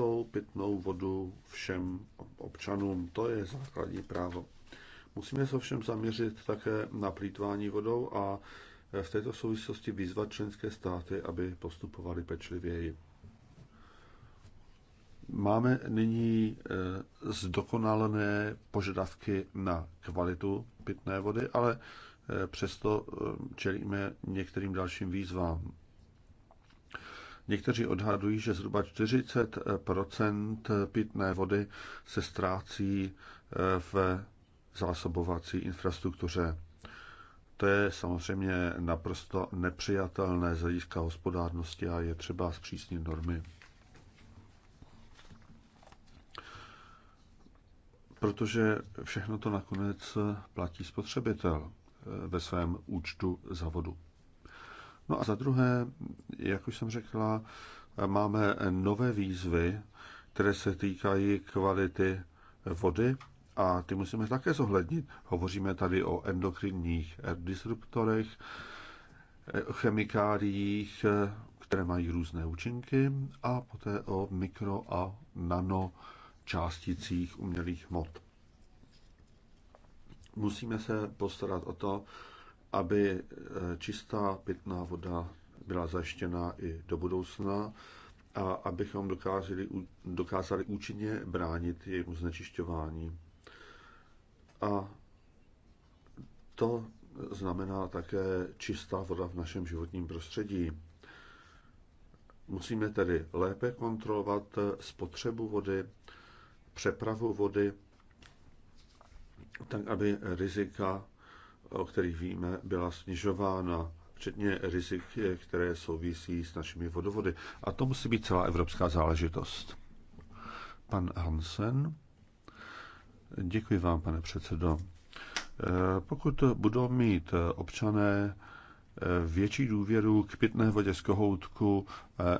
čistou pitnou vodu všem občanům. To je základní právo. Musíme se ovšem zaměřit také na plítvání vodou a v této souvislosti vyzvat členské státy, aby postupovali pečlivěji. Máme nyní e, zdokonalené požadavky na kvalitu pitné vody, ale e, přesto e, čelíme některým dalším výzvám. Někteří odhadují, že zhruba 40 pitné vody se ztrácí eh, v zásobovací infrastruktuře. To je samozřejmě naprosto nepřijatelné z hlediska hospodárnosti a je třeba zpřísnit normy. Protože všechno to nakonec platí spotřebitel eh, ve svém účtu za vodu. No a za druhé, jak už jsem řekla, máme nové výzvy, které se týkají kvality vody a ty musíme také zohlednit. Hovoříme tady o endokrinních disruptorech, chemikáliích, které mají různé účinky a poté o mikro a nano částicích umělých mod. Musíme se postarat o to, aby eh, čistá pitná voda byla zajištěna i do budoucna a abychom dokázali, dokázali účinně bránit jejímu znečišťování. A to znamená také čistá voda v našem životním prostředí. Musíme tedy lépe kontrolovat eh, spotřebu vody, přepravu vody, tak aby rizika o kterých víme, byla snižována, včetně rizik, které souvisí s našimi vodovody. A to musí být celá evropská záležitost. Pan Hansen. Děkuji vám, pane předsedo. Eh, pokud budou mít občané eh, větší důvěru k pitné vodě z kohoutku,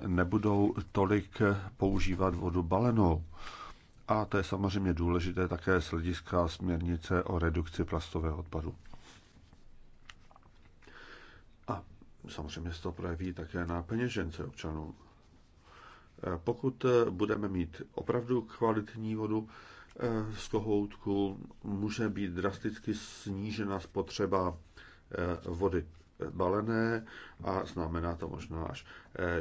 eh, nebudou tolik používat vodu balenou. A to je samozřejmě důležité také z hlediska směrnice o redukci plastového odpadu. samozřejmě se to projeví také na peněžence občanů. Eh, pokud eh, budeme mít opravdu kvalitní vodu eh, z kohoutku, může být drasticky snížena spotřeba vody balené a znamená to možná až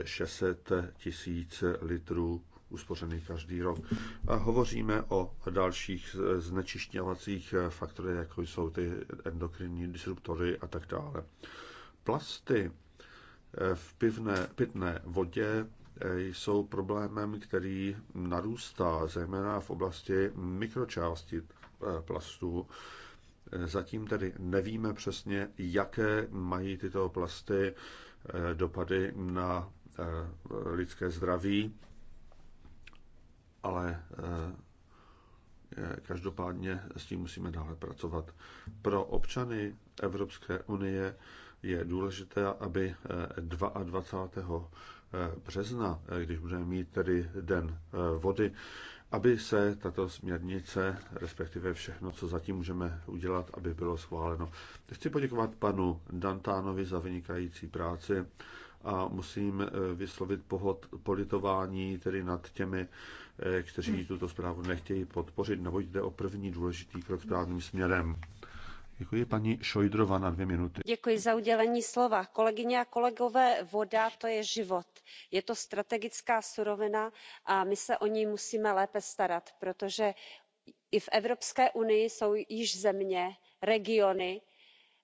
600 tisíc litrů uspořený každý rok. A hovoříme o dalších znečišťovacích faktorech, jako jsou ty endokrinní disruptory a tak dále. Plasty v pivné, pitné vodě eh, jsou problémem, který narůstá, zejména v oblasti mikročásti eh, plastů. Eh, zatím tedy nevíme přesně, jaké mají tyto plasty dopady na lidské zdraví, ale každopádně s tím musíme dále pracovat. Pro občany Evropské unie je důležité, aby 22. Eh, eh, března, eh, když budeme mít tedy den vody, aby se tato směrnice, respektive všechno, co zatím můžeme udělat, aby bylo schváleno. Chci poděkovat panu Dantánovi za vynikající práci a musím vyslovit pohod, politování tedy nad těmi, kteří tuto zprávu nechtějí podpořit, nebo jde o první důležitý krok správným směrem. Děkuji paní Šojdrova na dvě minuty. Děkuji za udělení slova. Kolegyně a kolegové, voda to je život. Je to strategická surovina a my se o ní musíme lépe starat protože i v evropské unii jsou již země regiony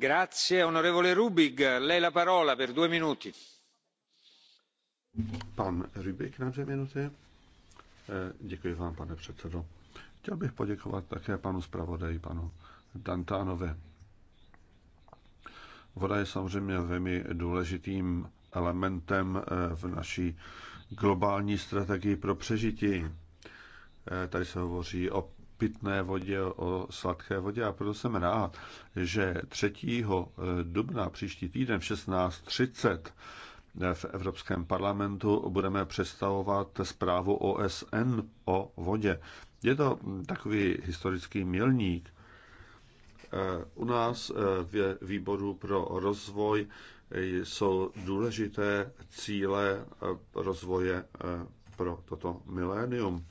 Eh, děkuji vám, pane předsedající Chtěl bych poděkovat také panu zpravodaji, panu dantinovi. Voda je samozřejmě velmi důležitým elementem eh, v naší globální strategii pro přežití. Eh, tady se hovoří o pitné vodě, o sladké vodě a proto jsem rád, že 3. Eh, dubna příští týden v 16.30 eh, v Evropském parlamentu budeme představovat zprávu OSN o vodě. Je to hm, takový historický milník. Eh, u nás v výboru pro rozvoj jsou důležité cíle rozvoje pro toto milénium.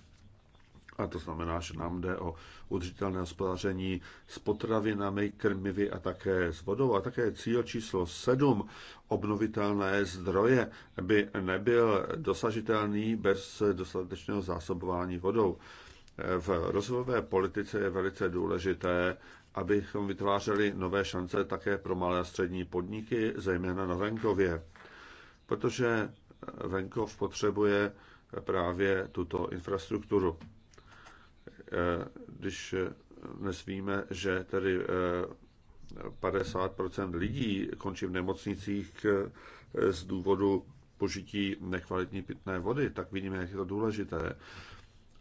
A to znamená, že nám jde o udržitelné hospodaření s potravinami, krmivy a také s vodou. A také cíl číslo 7, obnovitelné zdroje, by nebyl dosažitelný bez dostatečného zásobování vodou. V rozvojové politice je velice důležité, abychom vytvářeli nové šance také pro malé a střední podniky, zejména na venkově. Protože venkov potřebuje právě tuto infrastrukturu. Eh, když eh, dnes víme, že tedy 50% eh, lidí končí v nemocnicích z důvodu požití nekvalitní pitné vody, tak vidíme, jak je to důležité.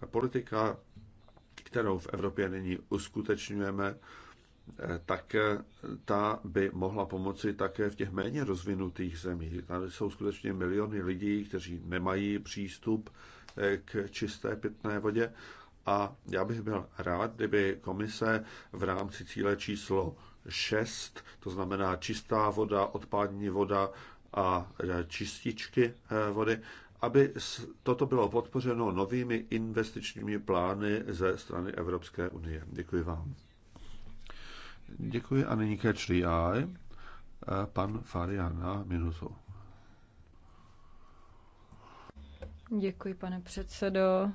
A politika, kterou v Evropě nyní uskutečňujeme, tak ta by mohla pomoci také v těch méně rozvinutých zemích. Tady jsou skutečně miliony lidí, kteří nemají přístup k čisté pitné vodě a já bych byl rád, kdyby komise v rámci cíle číslo 6, to znamená čistá voda, odpadní voda a e, čističky e, vody, aby toto bylo podpořeno novými investičními plány ze strany Evropské unie. Děkuji vám. Děkuji a nyní Catch the Eye. E, pan Fariana, na minutu. Děkuji, pane předsedo.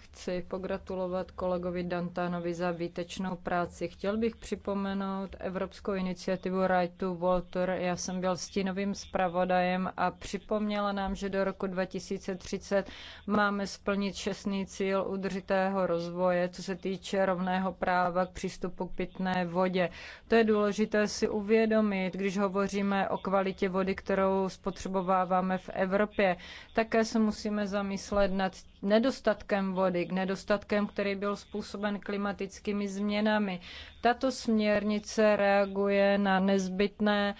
Chci pogratulovat kolegovi Dantanovi za výtečnou práci. Chtěl bych připomenout Evropskou iniciativu Right to Water. Já jsem byl stínovým zpravodajem a připomněla nám, že do roku 2030 máme splnit šestný cíl udržitého rozvoje, co se týče rovného práva k přístupu k pitné vodě. To je důležité si uvědomit, když hovoříme o kvalitě vody, kterou spotřebováváme v Evropě. Také se musíme musíme zamyslet nad nedostatkem vody, k nedostatkem, který byl způsoben klimatickými změnami. Tato směrnice reaguje na nezbytné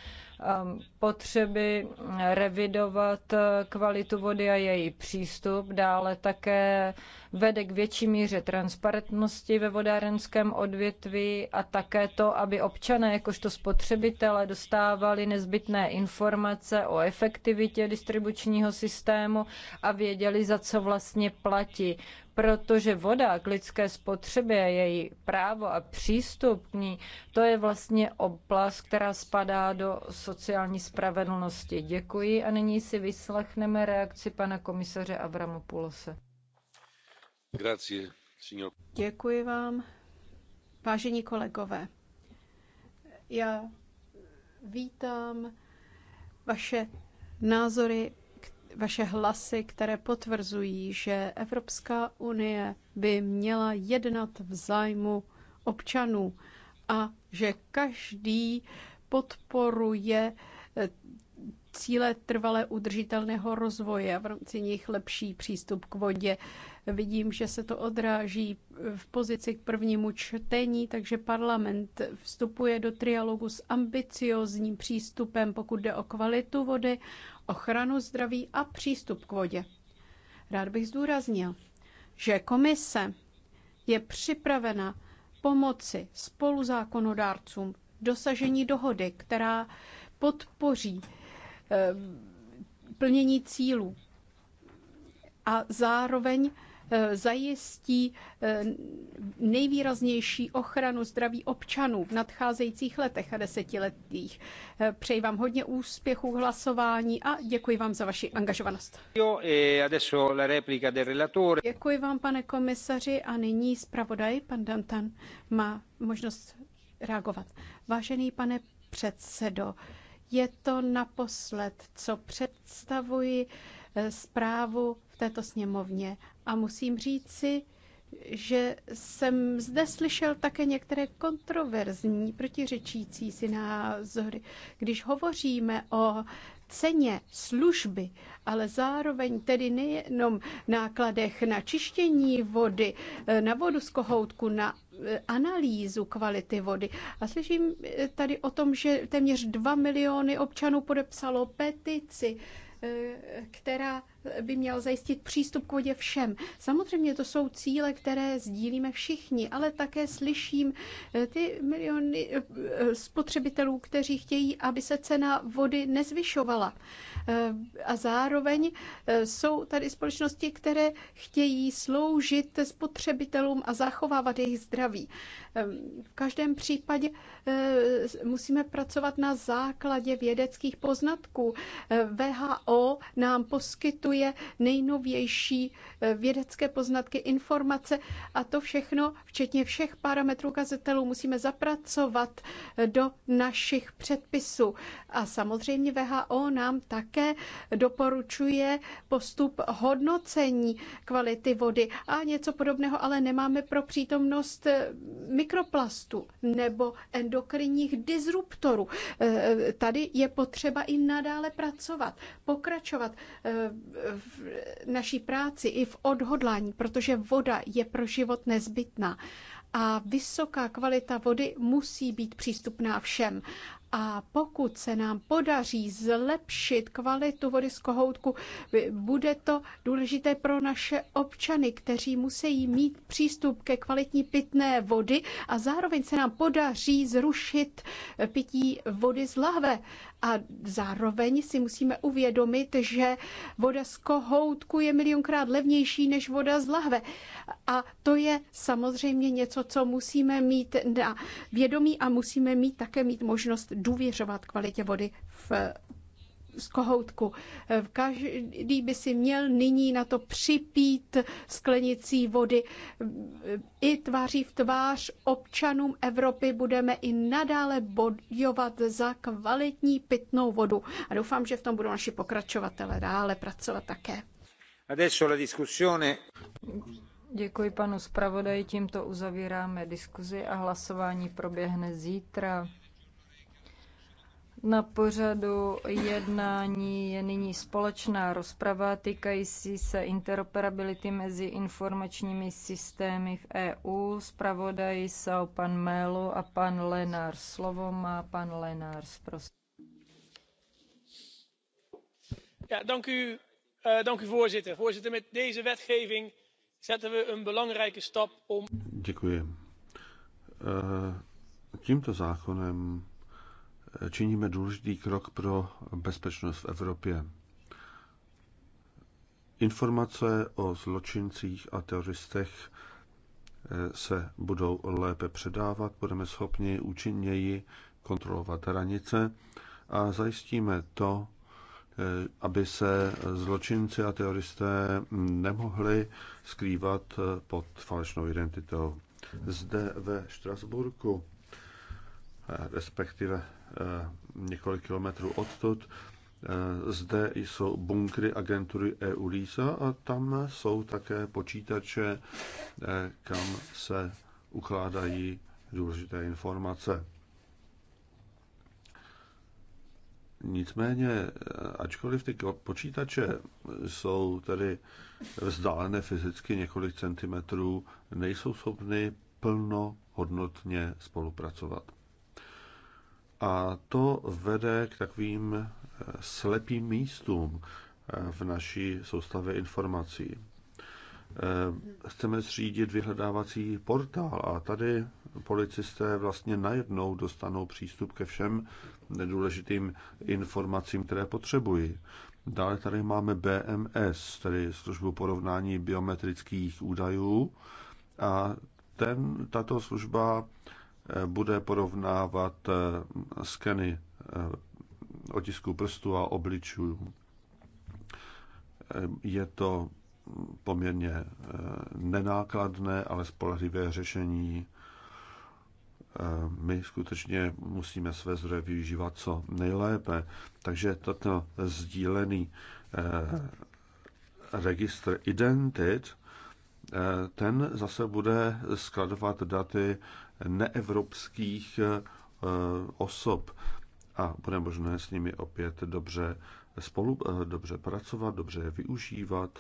Um, potřeby revidovat eh, kvalitu vody a její přístup. Dále také vede k větší míře transparentnosti ve vodárenském odvětví a také to, aby občané jakožto spotřebitele dostávali nezbytné informace o efektivitě distribučního systému a věděli, za co vlastně platí protože voda k lidské spotřebě, její právo a přístup k ní, to je vlastně oblast, která spadá do sociální spravedlnosti. Děkuji a nyní si vyslechneme reakci pana komisaře Avramopulose. Grazie, Děkuji vám. Vážení kolegové, já vítám vaše názory vaše hlasy, které potvrzují, že Evropská unie by měla jednat v zájmu občanů a že každý podporuje eh, cíle trvale udržitelného rozvoje a v rámci nich lepší přístup k vodě. Vidím, že se to odráží v pozici k prvnímu čtení, takže parlament vstupuje do trialogu s ambiciozním přístupem, pokud jde o kvalitu vody, ochranu zdraví a přístup k vodě. Rád bych zdůraznil, že komise je připravena pomoci spoluzákonodárcům dosažení dohody, která podpoří eh, plnění cílů a zároveň Eh, zajistí eh, nejvýraznější ochranu zdraví občanů v nadcházejících letech a desetiletích. Eh, přeji vám hodně úspěchů v hlasování a děkuji vám za vaši angažovanost. Děkuji vám, pane komisaři, a nyní zpravodaj, pan Dantan, má možnost reagovat. Vážený pane předsedo, je to naposled, co představuji zprávu v této sněmovně a musím říci, že jsem zde slyšel také některé kontroverzní, protiřečící si názory. Když hovoříme o ceně služby, ale zároveň tedy nejenom nákladech na čištění vody, na vodu z kohoutku, na eh, analýzu kvality vody. A slyším eh, tady o tom, že téměř 2 miliony občanů podepsalo petici, eh, která by měl zajistit přístup k vodě všem. Samozřejmě to jsou cíle, které sdílíme všichni, ale také slyším eh, ty miliony eh, eh, spotřebitelů, kteří chtějí, aby se cena vody nezvyšovala. A zároveň jsou tady společnosti, které chtějí sloužit spotřebitelům a zachovávat jejich zdraví. V každém případě musíme pracovat na základě vědeckých poznatků. VHO nám poskytuje poskytuje nejnovější eh, vědecké poznatky, informace a to všechno, včetně všech parametrů kazetelů, musíme zapracovat eh, do našich předpisů. A samozřejmě VHO nám také doporučuje postup hodnocení kvality vody a něco podobného, ale nemáme pro přítomnost eh, mikroplastů nebo endokrinních disruptorů. Tady je potřeba i nadále pracovat, pokračovat v naší práci i v odhodlání, protože voda je pro život nezbytná a vysoká kvalita vody musí být přístupná všem. A pokud se nám podaří zlepšit kvalitu vody z kohoutku, bude to důležité pro naše občany, kteří musí mít přístup ke kvalitní pitné vody a zároveň se nám podaří zrušit pití vody z lahve. A zároveň si musíme uvědomit, že voda z kohoutku je milionkrát levnější než voda z lahve. A to je samozřejmě něco, co musíme mít na vědomí a musíme mít také mít možnost důvěřovat kvalitě vody v z kohoutku. Každý by si měl nyní na to připít sklenicí vody. I tváří v tvář občanům Evropy budeme i nadále bojovat za kvalitní pitnou vodu. A doufám, že v tom budou naši pokračovatele dále pracovat také. Adesso la discussione. Děkuji panu zpravodaji, tímto uzavíráme diskuzi a hlasování proběhne zítra. Na pořadu jednání je nyní společná rozprava týkající se interoperability mezi informačními systémy v EU. Zpravodají jsou pan Melo a pan Lenár. Slovo má pan Lenár, prosím. Ja, dank u, uh, dank u voorzitter. Voorzitter, met deze wetgeving zetten we een belangrijke stap om. Děkuji. Uh, tímto zákonem činíme důležitý krok pro bezpečnost v Evropě. Informace o zločincích a teroristech eh, se budou lépe předávat, budeme schopni účinněji kontrolovat hranice a zajistíme to, eh, aby se zločinci a teroristé nemohli skrývat eh, pod falešnou identitou. Zde ve Štrasburku, respektive Eh, několik kilometrů odtud. Eh, zde jsou bunkry agentury EU LISA a tam jsou také počítače, eh, kam se ukládají důležité informace. Nicméně, ačkoliv ty počítače jsou tedy vzdálené fyzicky několik centimetrů, nejsou schopny plnohodnotně spolupracovat. A to vede k takovým eh, slepým místům eh, v naší soustavě informací. Eh, chceme zřídit vyhledávací portál a tady policisté vlastně najednou dostanou přístup ke všem důležitým informacím, které potřebují. Dále tady máme BMS, tedy službu porovnání biometrických údajů a ten, tato služba bude porovnávat eh, skeny eh, otisků prstů a obličů. Eh, je to poměrně nenákladné, ale spolehlivé řešení. My skutečně musíme své zdroje využívat co nejlépe. Takže tato sdílený registr identit, ten zase bude skladovat daty neevropských eh, osob a bude možné s nimi opět dobře, spolu, eh, dobře pracovat, dobře je využívat.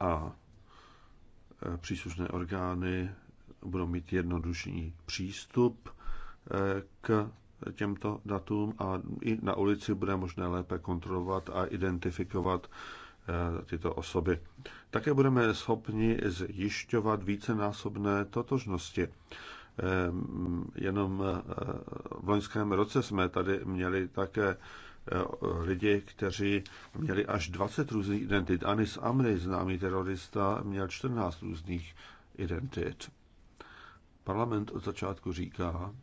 A eh, příslušné orgány budou mít jednodušší přístup k těmto datům a i na ulici bude možné lépe kontrolovat a identifikovat Eh, tyto osoby. Také budeme schopni zjišťovat vícenásobné totožnosti. Eh, jenom eh, v loňském roce jsme tady měli také lidi, kteří měli až 20 různých identit. Anis Amri, známý terorista, měl 14 různých identit. Parlament od začátku říká,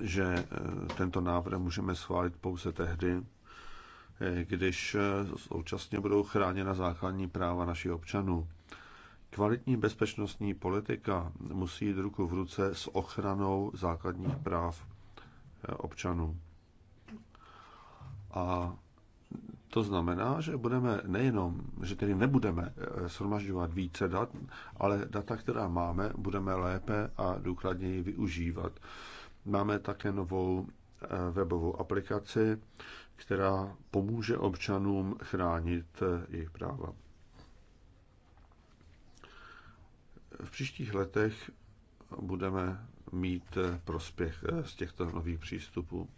že tento návrh můžeme schválit pouze tehdy, když eh, současně budou chráněna základní práva našich občanů. Kvalitní bezpečnostní politika musí jít ruku v ruce s ochranou základních práv eh, občanů. A to znamená, že budeme nejenom, že tedy nebudeme eh, shromažďovat více dat, ale data, která máme, budeme lépe a důkladněji využívat. Máme také novou Eh, webovou aplikaci, která pomůže občanům chránit eh, jejich práva. V příštích letech budeme mít eh, prospěch z těchto nových přístupů.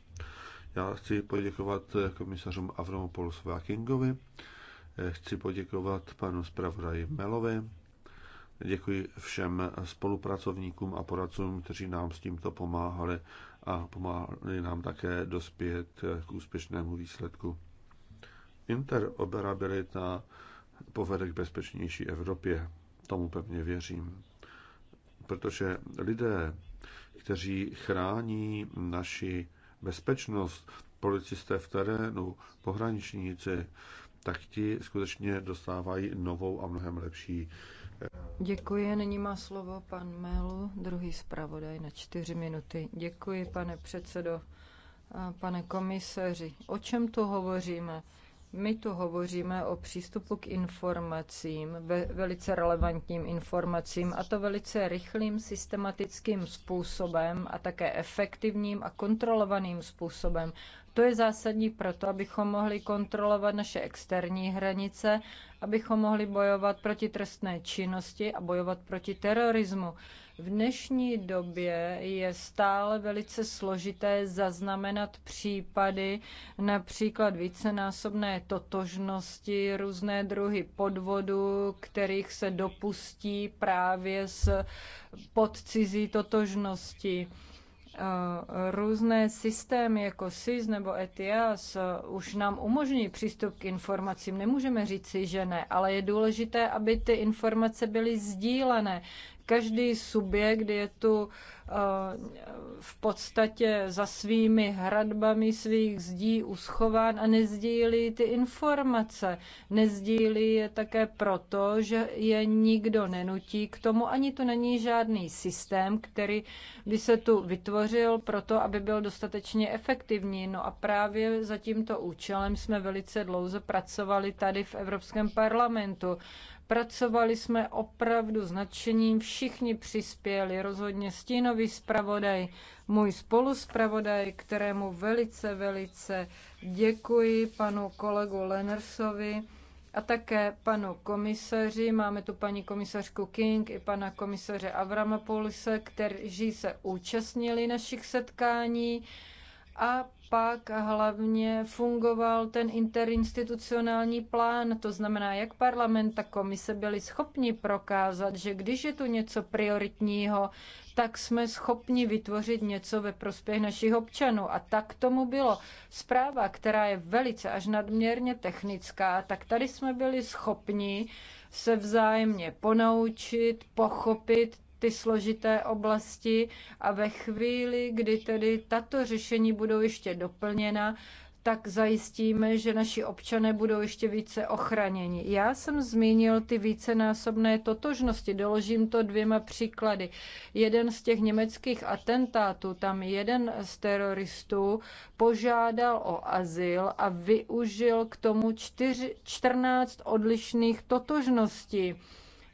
Já chci poděkovat komisařům Avramopoulosovi Vakingovi, chci poděkovat panu zpravodaji Melovi, děkuji všem spolupracovníkům a poradcům, kteří nám s tímto pomáhali a pomáhali nám také dospět k úspěšnému výsledku. Interoperabilita povede k bezpečnější Evropě. Tomu pevně věřím. Protože lidé, kteří chrání naši bezpečnost, policisté v terénu, pohraničníci, tak ti skutečně dostávají novou a mnohem lepší Děkuji, nyní má slovo pan Melu, druhý zpravodaj na čtyři minuty. Děkuji, pane předsedo, pane komisaři. O čem tu hovoříme? My tu hovoříme o přístupu k informacím, ve, velice relevantním informacím, a to velice rychlým, systematickým způsobem a také efektivním a kontrolovaným způsobem. To je zásadní proto, abychom mohli kontrolovat naše externí hranice, abychom mohli bojovat proti trestné činnosti a bojovat proti terorismu. V dnešní době je stále velice složité zaznamenat případy například vícenásobné totožnosti, různé druhy podvodu, kterých se dopustí právě s podcizí totožnosti. Eh, různé systémy jako SIS nebo ETIAS eh, už nám umožní přístup k informacím. Nemůžeme říci, že ne, ale je důležité, aby ty informace byly sdílené. Každý subjekt je tu eh, v podstatě za svými hradbami svých zdí uschován a nezdílí ty informace. Nezdílí je také proto, že je nikdo nenutí k tomu. Ani to není žádný systém, který by se tu vytvořil proto, aby byl dostatečně efektivní. No a právě za tímto účelem jsme velice dlouze pracovali tady v Evropském parlamentu. Pracovali jsme opravdu s nadšením, všichni přispěli, rozhodně stínový zpravodaj, můj spoluspravodaj, kterému velice, velice děkuji, panu kolegu Lenersovi a také panu komisaři. Máme tu paní komisařku King i pana komisaře Avramopoulise, kteří se účastnili našich setkání a pak hlavně fungoval ten interinstitucionální plán, to znamená, jak parlament, tak komise byli schopni prokázat, že když je tu něco prioritního, tak jsme schopni vytvořit něco ve prospěch našich občanů. A tak tomu bylo. Zpráva, která je velice až nadměrně technická, tak tady jsme byli schopni se vzájemně ponaučit, pochopit ty složité oblasti a ve chvíli, kdy tedy tato řešení budou ještě doplněna, tak zajistíme, že naši občané budou ještě více ochraněni. Já jsem zmínil ty vícenásobné totožnosti, doložím to dvěma příklady. Jeden z těch německých atentátů, tam jeden z teroristů požádal o azyl a využil k tomu 14 odlišných totožností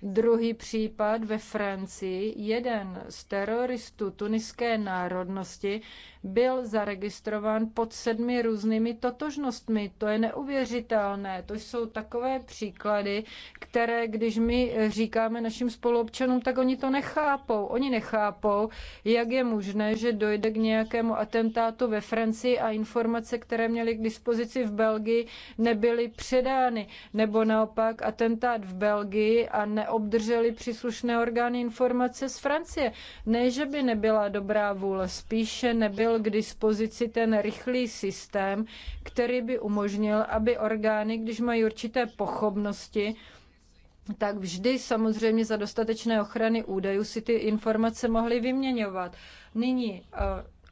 Druhý případ ve Francii, jeden z teroristů tuniské národnosti byl zaregistrován pod sedmi různými totožnostmi. To je neuvěřitelné. To jsou takové příklady, které, když my říkáme našim spoluobčanům, tak oni to nechápou. Oni nechápou, jak je možné, že dojde k nějakému atentátu ve Francii a informace, které měli k dispozici v Belgii, nebyly předány. Nebo naopak atentát v Belgii a neobdrželi příslušné orgány informace z Francie. Ne, že by nebyla dobrá vůle, spíše nebyla byl k dispozici ten rychlý systém, který by umožnil, aby orgány, když mají určité pochopnosti, tak vždy samozřejmě za dostatečné ochrany údajů si ty informace mohly vyměňovat. Nyní eh,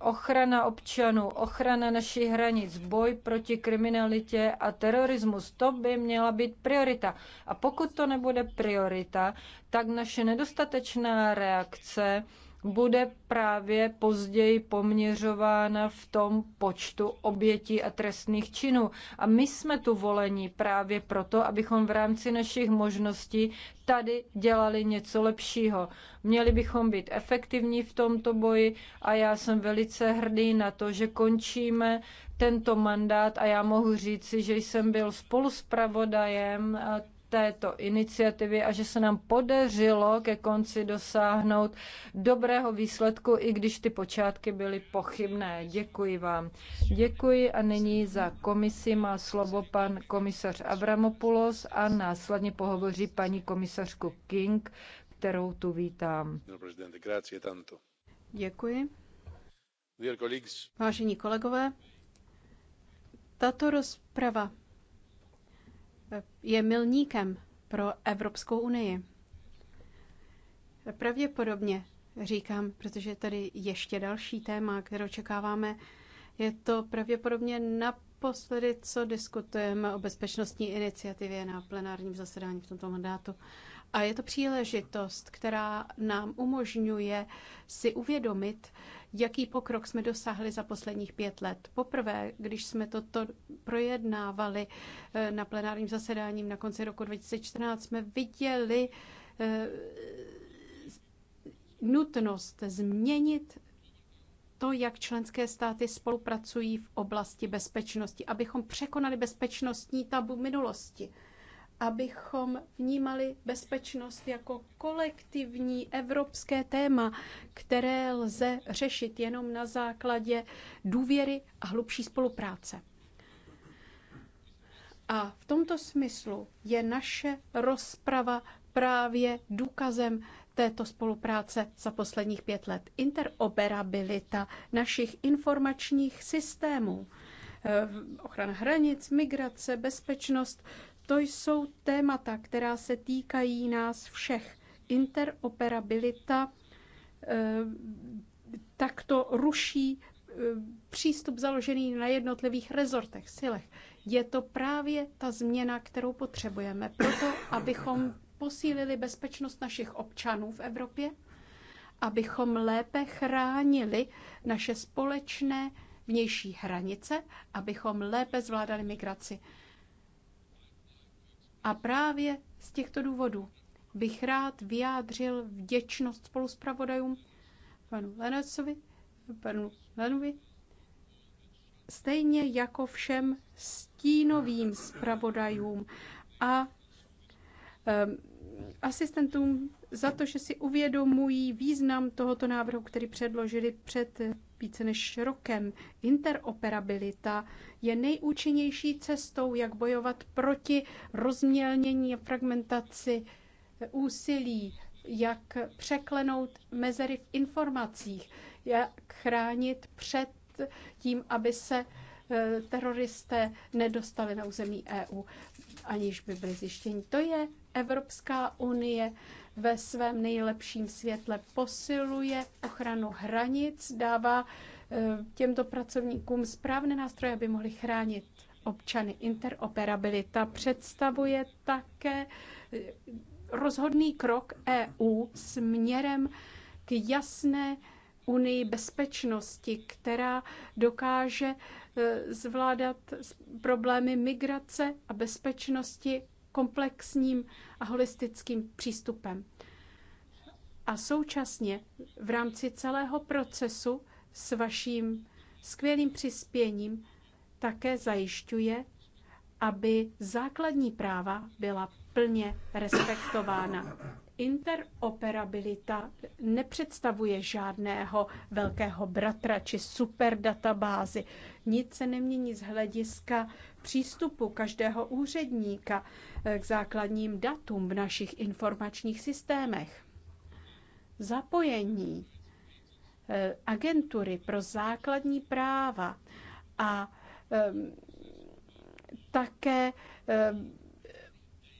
ochrana občanů, ochrana našich hranic, boj proti kriminalitě a terorismus, to by měla být priorita. A pokud to nebude priorita, tak naše nedostatečná reakce bude právě později poměřována v tom počtu obětí a trestných činů. A my jsme tu volení právě proto, abychom v rámci našich možností tady dělali něco lepšího. Měli bychom být efektivní v tomto boji a já jsem velice hrdý na to, že končíme tento mandát a já mohu říci, že jsem byl spoluspravodajem této iniciativy a že se nám podařilo ke konci dosáhnout dobrého výsledku, i když ty počátky byly pochybné. Děkuji vám. Děkuji a nyní za komisi má slovo pan komisař Avramopoulos a následně pohovoří paní komisařku King, kterou tu vítám. Děkuji. Vážení kolegové, tato rozprava je milníkem pro Evropskou unii. Pravděpodobně říkám, protože tady ještě další téma, které očekáváme, je to pravděpodobně naposledy, co diskutujeme o bezpečnostní iniciativě na plenárním zasedání v tomto mandátu. A je to příležitost, která nám umožňuje si uvědomit, jaký pokrok jsme dosáhli za posledních pět let. Poprvé, když jsme toto projednávali eh, na plenárním zasedání na konci roku 2014, jsme viděli eh, nutnost změnit to, jak členské státy spolupracují v oblasti bezpečnosti, abychom překonali bezpečnostní tabu minulosti abychom vnímali bezpečnost jako kolektivní evropské téma, které lze řešit jenom na základě důvěry a hlubší spolupráce. A v tomto smyslu je naše rozprava právě důkazem této spolupráce za posledních pět let. Interoperabilita našich informačních systémů, eh, ochrana hranic, migrace, bezpečnost, to jsou témata, která se týkají nás všech. Interoperabilita eh, takto ruší eh, přístup založený na jednotlivých rezortech, silech. Je to právě ta změna, kterou potřebujeme proto, abychom posílili bezpečnost našich občanů v Evropě, abychom lépe chránili naše společné vnější hranice, abychom lépe zvládali migraci. A právě z těchto důvodů bych rád vyjádřil vděčnost spoluspravodajům panu Lenacovi, panu Lenovi, stejně jako všem stínovým spravodajům a um, asistentům za to, že si uvědomují význam tohoto návrhu, který předložili před více než rokem. Interoperabilita je nejúčinnější cestou, jak bojovat proti rozmělnění a fragmentaci úsilí, jak překlenout mezery v informacích, jak chránit před tím, aby se eh, teroristé nedostali na území EU, aniž by byli zjištěni. To je Evropská unie ve svém nejlepším světle posiluje ochranu hranic, dává eh, těmto pracovníkům správné nástroje, aby mohli chránit občany. Interoperabilita představuje také eh, rozhodný krok EU směrem k jasné unii bezpečnosti, která dokáže eh, zvládat problémy migrace a bezpečnosti komplexním a holistickým přístupem. A současně v rámci celého procesu s vaším skvělým přispěním také zajišťuje, aby základní práva byla plně respektována. Interoperabilita nepředstavuje žádného velkého bratra či superdatabázy. Nic se nemění z hlediska přístupu každého úředníka eh, k základním datům v našich informačních systémech. Zapojení eh, agentury pro základní práva a ehm, také ehm,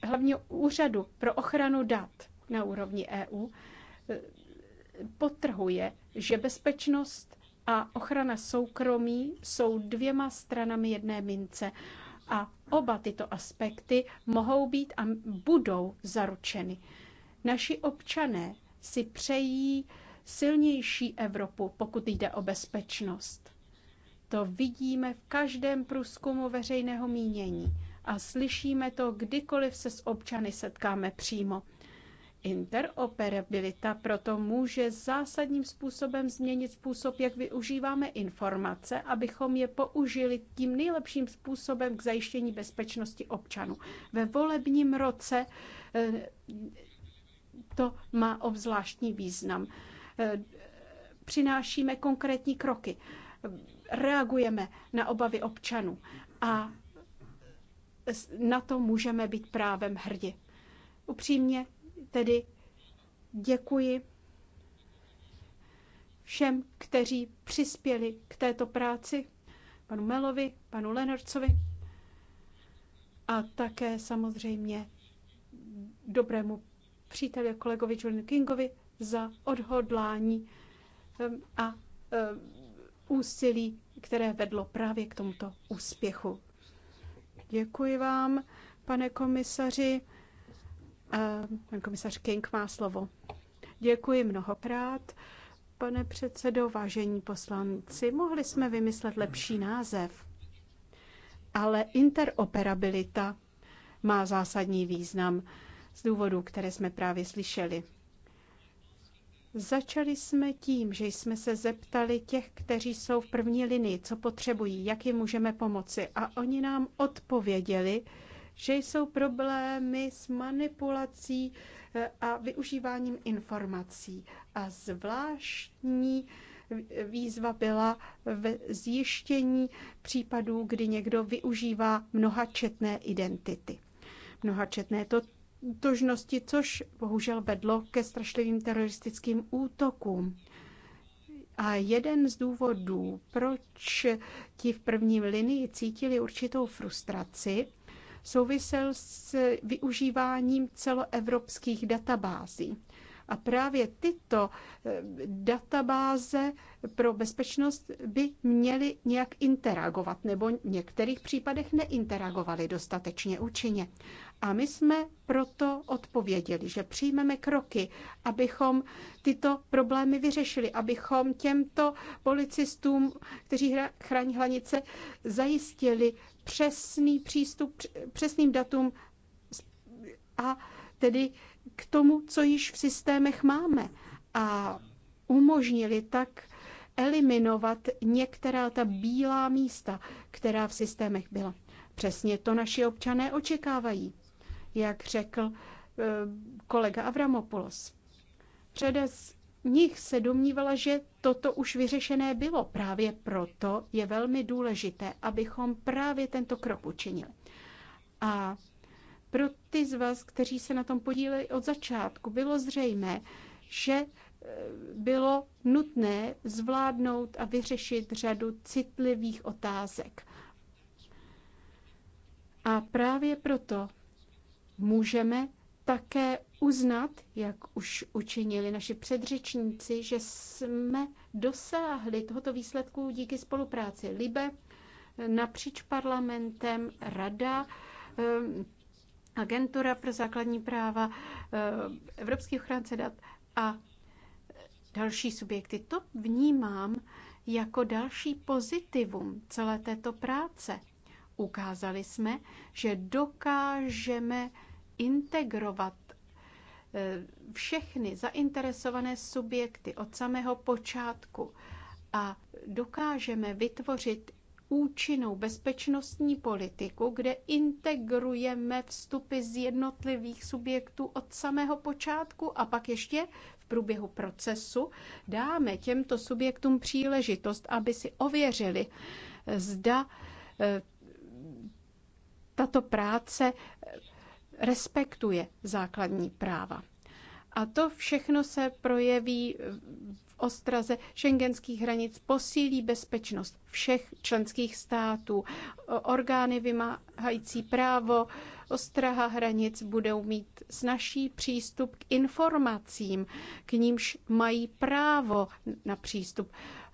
hlavně úřadu pro ochranu dat na úrovni EU eh, potrhuje, že bezpečnost a ochrana soukromí jsou dvěma stranami jedné mince. A oba tyto aspekty mohou být a budou zaručeny. Naši občané si přejí silnější Evropu, pokud jde o bezpečnost. To vidíme v každém průzkumu veřejného mínění a slyšíme to, kdykoliv se s občany setkáme přímo. Interoperabilita proto může zásadním způsobem změnit způsob, jak využíváme informace, abychom je použili tím nejlepším způsobem k zajištění bezpečnosti občanů. Ve volebním roce eh, to má obzvláštní význam. Eh, přinášíme konkrétní kroky, reagujeme na obavy občanů a na to můžeme být právem hrdi. Upřímně, tedy děkuji všem, kteří přispěli k této práci, panu Melovi, panu Lenarcovi a také samozřejmě dobrému příteli kolegovi John Kingovi za odhodlání ehm, a ehm, úsilí, které vedlo právě k tomuto úspěchu. Děkuji vám, pane komisaři. Pan komisař King má slovo. Děkuji mnohokrát. Pane předsedo, vážení poslanci, mohli jsme vymyslet lepší název, ale interoperabilita má zásadní význam z důvodů, které jsme právě slyšeli. Začali jsme tím, že jsme se zeptali těch, kteří jsou v první linii, co potřebují, jak jim můžeme pomoci. A oni nám odpověděli, že jsou problémy s manipulací eh, a využíváním informací. A zvláštní výzva byla v zjištění případů, kdy někdo využívá mnohačetné identity. Mnohačetné to tožnosti, což bohužel vedlo ke strašlivým teroristickým útokům. A jeden z důvodů, proč ti v první linii cítili určitou frustraci, souvisel s využíváním celoevropských databází. A právě tyto eh, databáze pro bezpečnost by měly nějak interagovat, nebo v některých případech neinteragovaly dostatečně účinně. A my jsme proto odpověděli, že přijmeme kroky, abychom tyto problémy vyřešili, abychom těmto policistům, kteří chrání hranice, zajistili přesný přístup přesným datům a tedy k tomu, co již v systémech máme a umožnili tak eliminovat některá ta bílá místa, která v systémech byla. Přesně to naši občané očekávají, jak řekl eh, kolega Avramopoulos. Řada z nich se domnívala, že toto už vyřešené bylo. Právě proto je velmi důležité, abychom právě tento krok učinili. A pro ty z vás, kteří se na tom podíleli od začátku, bylo zřejmé, že e, bylo nutné zvládnout a vyřešit řadu citlivých otázek. A právě proto můžeme také uznat, jak už učinili naši předřečníci, že jsme dosáhli tohoto výsledku díky spolupráci LIBE napříč parlamentem, rada, Agentura pro základní práva, eh, Evropský ochránce dat a další subjekty. To vnímám jako další pozitivum celé této práce. Ukázali jsme, že dokážeme integrovat eh, všechny zainteresované subjekty od samého počátku a dokážeme vytvořit účinnou bezpečnostní politiku, kde integrujeme vstupy z jednotlivých subjektů od samého počátku a pak ještě v průběhu procesu dáme těmto subjektům příležitost, aby si ověřili, zda eh, tato práce respektuje základní práva. A to všechno se projeví ostraze šengenských hranic posílí bezpečnost všech členských států. Orgány vymáhající právo, ostraha hranic budou mít snažší přístup k informacím, k nímž mají právo na přístup.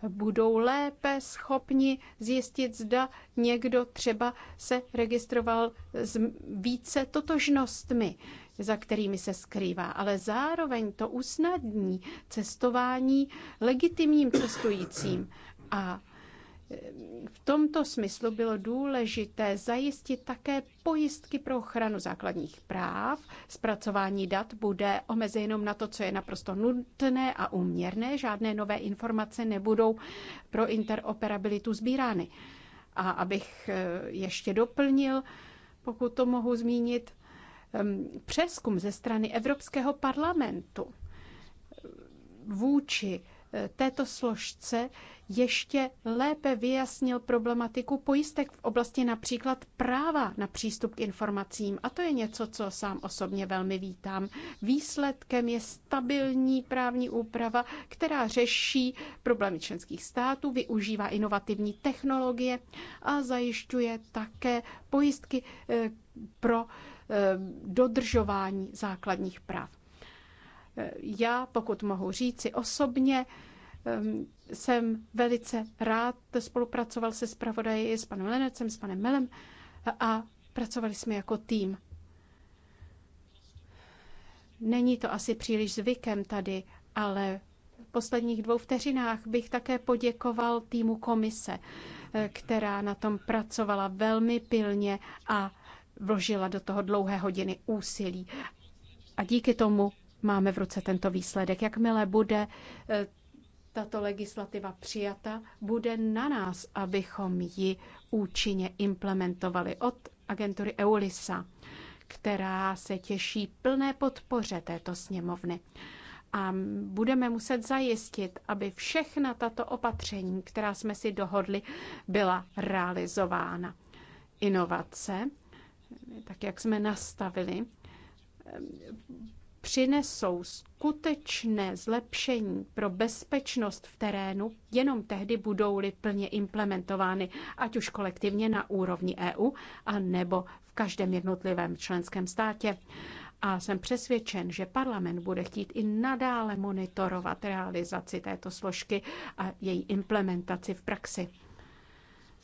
Budou lépe schopni zjistit, zda někdo třeba se registroval s více totožnostmi za kterými se skrývá, ale zároveň to usnadní cestování legitimním cestujícím. A e, v tomto smyslu bylo důležité zajistit také pojistky pro ochranu základních práv. Zpracování dat bude omezeno na to, co je naprosto nutné a úměrné. Žádné nové informace nebudou pro interoperabilitu sbírány. A abych e, ještě doplnil, pokud to mohu zmínit, přeskum ze strany Evropského parlamentu vůči eh, této složce ještě lépe vyjasnil problematiku pojistek v oblasti například práva na přístup k informacím. A to je něco, co sám osobně velmi vítám. Výsledkem je stabilní právní úprava, která řeší problémy členských států, využívá inovativní technologie a zajišťuje také pojistky eh, pro Eh, dodržování základních práv. Eh, já, pokud mohu říci osobně, jsem velice rád spolupracoval se zpravodaji s panem Lenecem, s panem Melem a pracovali jsme jako tým. Není to asi příliš zvykem tady, ale v posledních dvou vteřinách bych také poděkoval týmu komise, eh, která na tom pracovala velmi pilně a vložila do toho dlouhé hodiny úsilí. A díky tomu máme v ruce tento výsledek. Jakmile bude eh, tato legislativa přijata, bude na nás, abychom ji účinně implementovali od agentury EULISA, která se těší plné podpoře této sněmovny. A budeme muset zajistit, aby všechna tato opatření, která jsme si dohodli, byla realizována. Inovace tak jak jsme nastavili, přinesou skutečné zlepšení pro bezpečnost v terénu jenom tehdy budou-li plně implementovány, ať už kolektivně na úrovni EU, a nebo v každém jednotlivém členském státě. A jsem přesvědčen, že parlament bude chtít i nadále monitorovat realizaci této složky a její implementaci v praxi.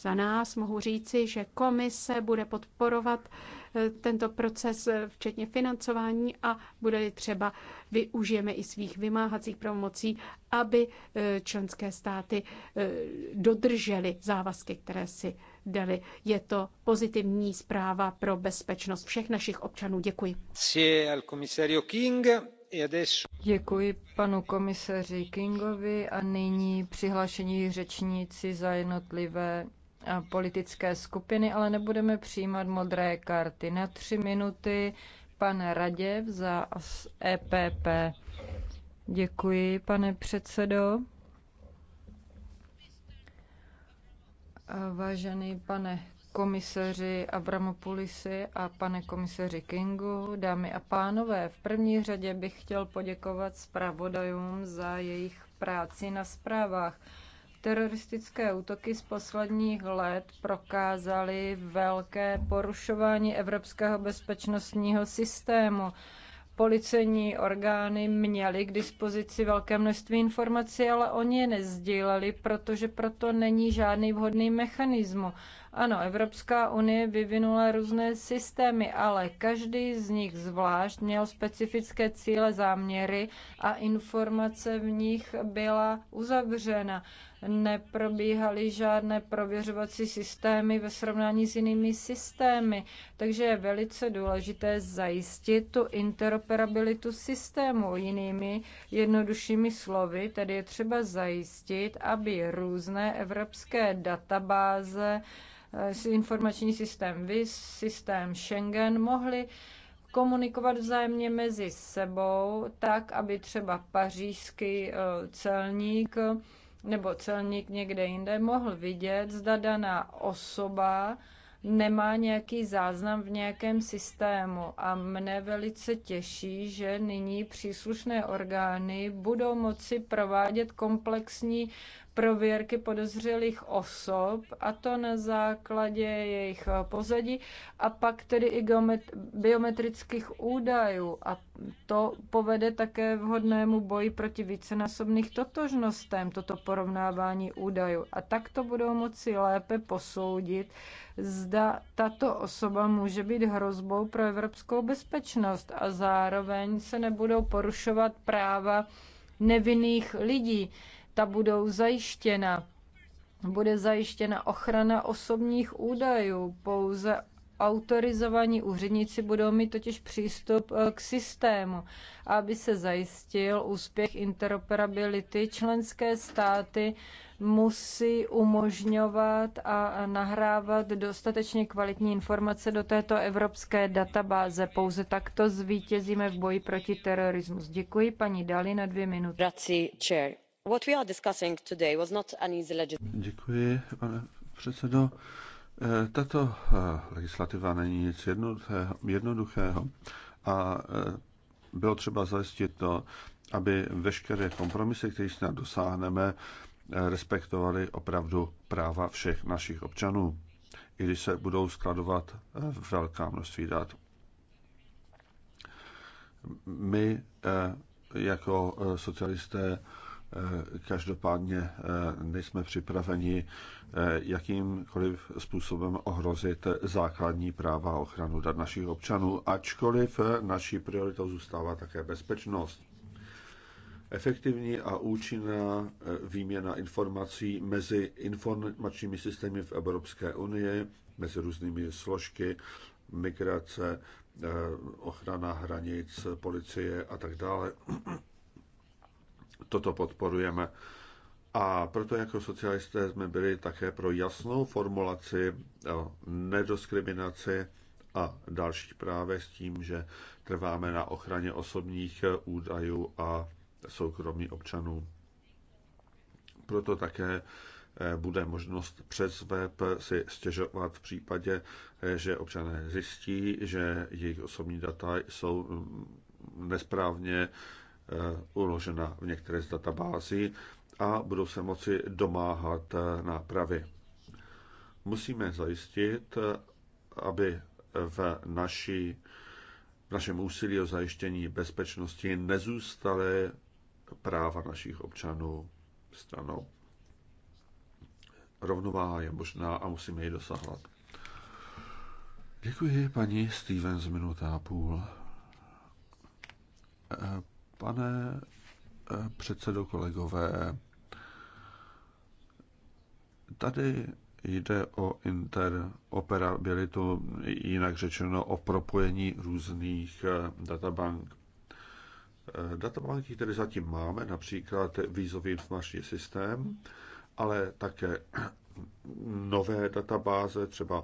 Za nás mohu říci, že komise bude podporovat eh, tento proces, eh, včetně financování a bude třeba využijeme i svých vymáhacích pravomocí, aby eh, členské státy dodržely závazky, které si dali. Je to pozitivní zpráva pro bezpečnost všech našich občanů. Děkuji. E Děkuji panu komisaři Kingovi a nyní přihlášení řečníci za jednotlivé politické skupiny, ale nebudeme přijímat modré karty. Na tři minuty pan Raděv za EPP. Děkuji, pane předsedo. Vážený pane komisaři Avramopoulisi a pane komisaři Kingu, dámy a pánové, v první řadě bych chtěl poděkovat zpravodajům za jejich práci na zprávách. Teroristické útoky z posledních let prokázaly velké porušování evropského bezpečnostního systému. Policejní orgány měly k dispozici velké množství informací, ale oni je nezdíleli, protože proto není žádný vhodný mechanismus. Ano, Evropská unie vyvinula různé systémy, ale každý z nich zvlášť měl specifické cíle, záměry a informace v nich byla uzavřena neprobíhaly žádné prověřovací systémy ve srovnání s jinými systémy. Takže je velice důležité zajistit tu interoperabilitu systému. Jinými jednoduššími slovy, tedy je třeba zajistit, aby různé evropské databáze, eh, informační systém VIS, systém Schengen mohly komunikovat vzájemně mezi sebou, tak, aby třeba pařížský eh, celník nebo celník někde jinde mohl vidět, zda daná osoba nemá nějaký záznam v nějakém systému a mne velice těší, že nyní příslušné orgány budou moci provádět komplexní prověrky podezřelých osob, a to na základě jejich pozadí, a pak tedy i biometrických údajů. A to povede také vhodnému boji proti vícenásobných totožnostem, toto porovnávání údajů. A tak to budou moci lépe posoudit, zda tato osoba může být hrozbou pro evropskou bezpečnost a zároveň se nebudou porušovat práva nevinných lidí ta budou zajištěna. Bude zajištěna ochrana osobních údajů. Pouze autorizovaní úředníci budou mít totiž přístup eh, k systému. Aby se zajistil úspěch interoperability, členské státy musí umožňovat a nahrávat dostatečně kvalitní informace do této evropské databáze. Pouze takto zvítězíme v boji proti terorismu. Děkuji paní Dali na dvě minuty. What we are discussing today was not an easy Děkuji, pane předsedo. Eh, tato eh, legislativa není nic jednoduchého a eh, bylo třeba zajistit to, aby veškeré kompromisy, které snad dosáhneme, respektovaly opravdu práva všech našich občanů, i když se budou skladovat velká množství dat. My jako socialisté Eh, každopádně eh, nejsme připraveni eh, jakýmkoliv způsobem ohrozit základní práva a ochranu dat našich občanů, ačkoliv naší prioritou zůstává také bezpečnost. Efektivní a účinná výměna informací mezi informačními systémy v Evropské unii, mezi různými složky, migrace, ochrana hranic, policie a tak dále toto podporujeme. A proto jako socialisté jsme byli také pro jasnou formulaci o nediskriminaci a dalších právě s tím, že trváme na ochraně osobních údajů a soukromí občanů. Proto také eh, bude možnost přes web si stěžovat v případě, eh, že občané zjistí, že jejich osobní data jsou mm, nesprávně Eh, uložena v některé z databází a budou se moci domáhat eh, nápravy. Musíme zajistit, eh, aby v, naší, v našem úsilí o zajištění bezpečnosti nezůstaly práva našich občanů stranou. Rovnováha je možná a musíme ji dosahovat. Děkuji paní Steven z minuta a půl. Pane eh, předsedo kolegové, tady jde o interoperabilitu, jinak řečeno o propojení různých eh, databank. Eh, databanky, které zatím máme, například vízový informační systém, ale také nové databáze, třeba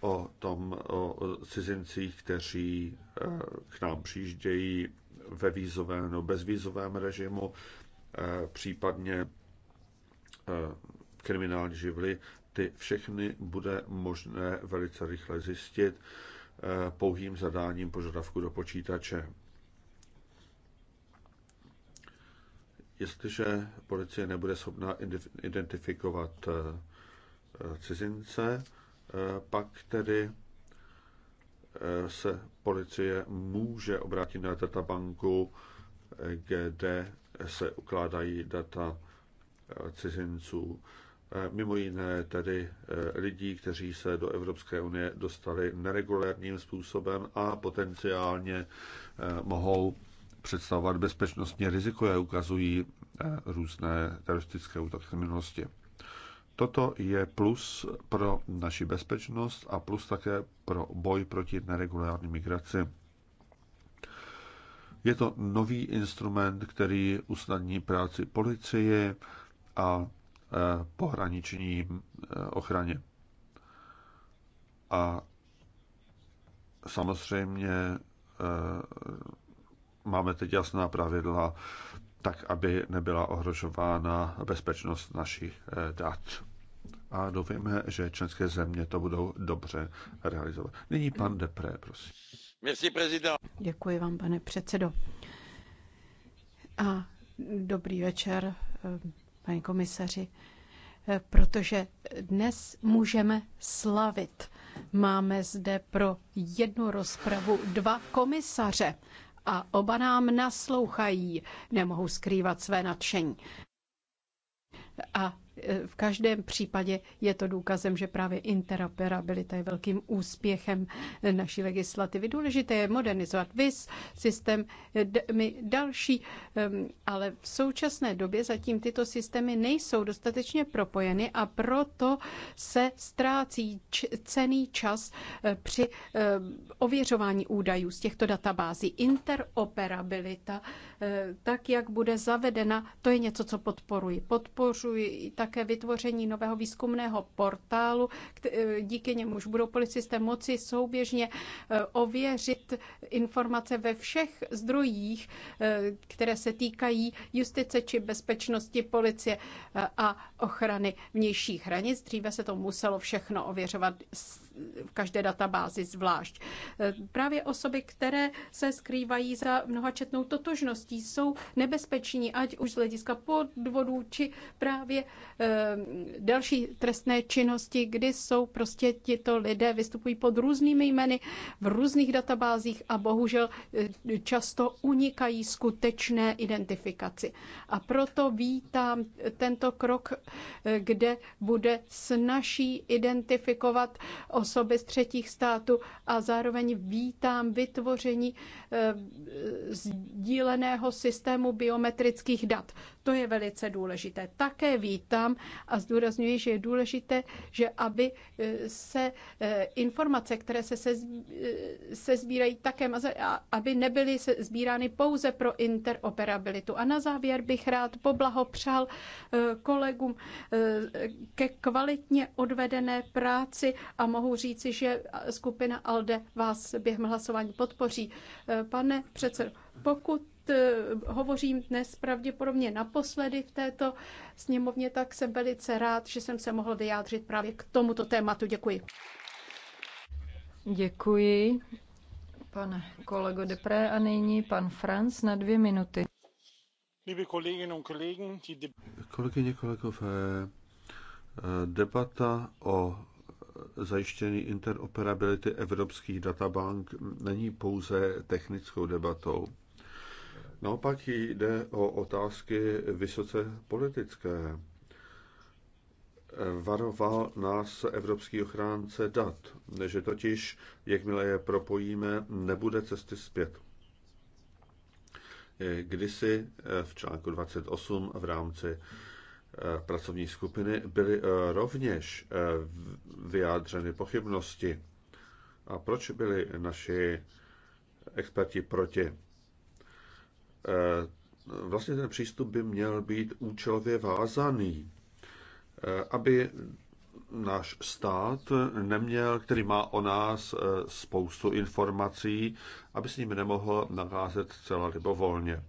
o tom o cizincích, kteří k nám přijíždějí ve vízovém nebo bezvízovém režimu, eh, případně eh, kriminální živly, ty všechny bude možné velice rychle zjistit eh, pouhým zadáním požadavku do počítače. Jestliže policie nebude schopná identifikovat cizince, pak tedy Eh, se policie může obrátit na databanku, kde se ukládají data eh, cizinců. Eh, mimo jiné tedy lidí, kteří se do Evropské unie dostali neregulérním způsobem a potenciálně mohou představovat bezpečnostní riziko, jak ukazují různé teroristické útoky v minulosti. Toto je plus pro naši bezpečnost a plus také pro boj proti neregulární migraci. Je to nový instrument, který usnadní práci policie a e, pohraniční e, ochraně. A samozřejmě e, máme teď jasná pravidla, tak aby nebyla ohrožována bezpečnost našich eh, dat. A doufejme, že členské země to budou dobře realizovat. Nyní pan Depré, prosím. Merci, prezident. Děkuji vám, pane předsedo. A dobrý večer, eh, paní komisaři, eh, protože dnes můžeme slavit. Máme zde pro jednu rozpravu dva komisaře a oba nám naslouchají, nemohu skrývat své nadšení. A v každém případě je to důkazem, že právě interoperabilita je velkým úspěchem naší legislativy. Důležité je modernizovat VIS, systém my další, ale v současné době zatím tyto systémy nejsou dostatečně propojeny a proto se ztrácí cený čas eh, při eh, ověřování údajů z těchto databází. Interoperabilita, eh, tak jak bude zavedena, to je něco, co podporuji. Podporuji tak také vytvoření nového výzkumného portálu, díky němuž budou policisté moci souběžně e, ověřit informace ve všech zdrojích, e, které se týkají justice či bezpečnosti policie e, a ochrany vnějších hranic. Dříve se to muselo všechno ověřovat v každé databázi zvlášť. Právě osoby, které se skrývají za mnohačetnou totožností, jsou nebezpeční, ať už z hlediska podvodů, či právě e, další trestné činnosti, kdy jsou prostě tito lidé vystupují pod různými jmény v různých databázích a bohužel eh, často unikají skutečné identifikaci. A proto vítám tento krok, eh, kde bude snaží identifikovat osoby, osoby z třetích států a zároveň vítám vytvoření eh, sdíleného systému biometrických dat. To je velice důležité. Také vítám a zdůrazňuji, že je důležité, že aby eh, se eh, informace, které se, se, se sbírají také, aby nebyly sbírány pouze pro interoperabilitu. A na závěr bych rád poblahopřál kolegům ke kvalitně odvedené práci a mohu říci, že skupina ALDE vás během hlasování podpoří. Pane předsedo, pokud eh, hovořím dnes pravděpodobně naposledy v této sněmovně, tak jsem velice rád, že jsem se mohl vyjádřit právě k tomuto tématu. Děkuji. Děkuji, pane kolego Depré. A nyní pan Franz na dvě minuty. Kolegyně, kolegové, eh, debata o zajištění interoperability evropských databank není pouze technickou debatou. Naopak jde o otázky vysoce politické. Varoval nás evropský ochránce dat, že totiž, jakmile je propojíme, nebude cesty zpět. Kdysi v článku 28 v rámci Eh, pracovní skupiny byly eh, rovněž eh, vyjádřeny pochybnosti. A proč byli naši experti proti? Vlastně ten přístup by měl být účelově vázaný, aby náš stát neměl, který má o nás spoustu informací, aby s ním nemohl nacházet celá libovolně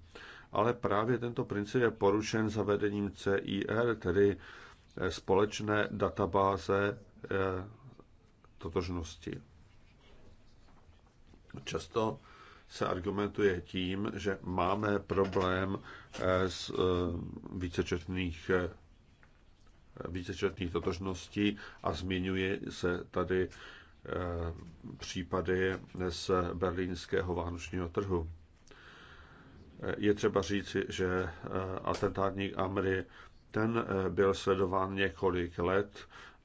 ale právě tento princip je porušen zavedením CIR, tedy eh, společné databáze eh, totožnosti. Často se argumentuje tím, že máme problém eh, s vícečetných vícečetných totožností a zmiňuje se tady případy z berlínského vánočního trhu je třeba říci, že eh, atentátník Amry, ten eh, byl sledován několik let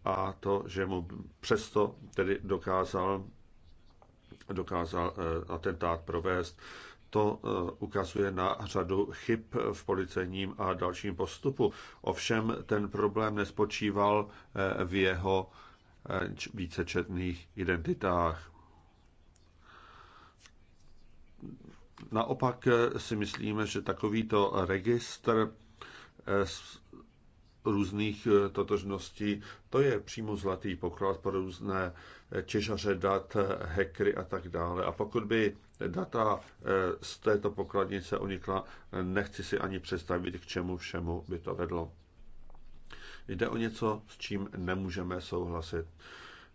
a to, že mu přesto tedy dokázal, dokázal eh, atentát provést, to ukazuje na řadu chyb v policejním a dalším postupu. Ovšem ten problém nespočíval v jeho vícečetných identitách. Naopak eh, si myslíme, že takovýto registr eh, různých eh, totožností, to je přímo zlatý poklad pro různé těžaře dat, hackery a tak dále. A pokud by data z této pokladnice unikla, nechci si ani představit, k čemu všemu by to vedlo. Jde o něco, s čím nemůžeme souhlasit.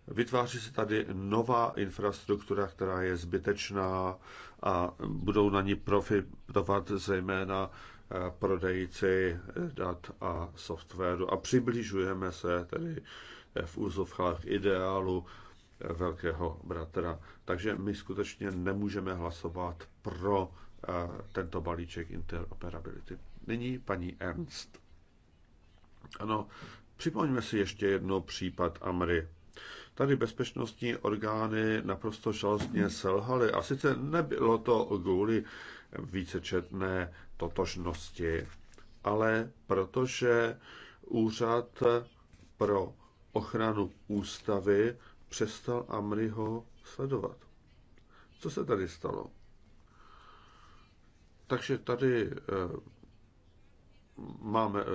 Vytváří se tady nová infrastruktura, která je zbytečná a budou na ní profitovat zejména eh, prodejci dat a softwaru. A přibližujeme se tedy eh, v úzovkách ideálu eh, velkého bratra. Takže my skutečně nemůžeme hlasovat pro tento balíček interoperability. Nyní paní Ernst. Ano, připomeňme si ještě jednou případ Amry. Tady bezpečnostní orgány naprosto žalostně selhaly a sice nebylo to kvůli vícečetné totožnosti, ale protože úřad pro ochranu ústavy přestal Amryho sledovat. Co se tady stalo? Takže tady eh, máme, eh,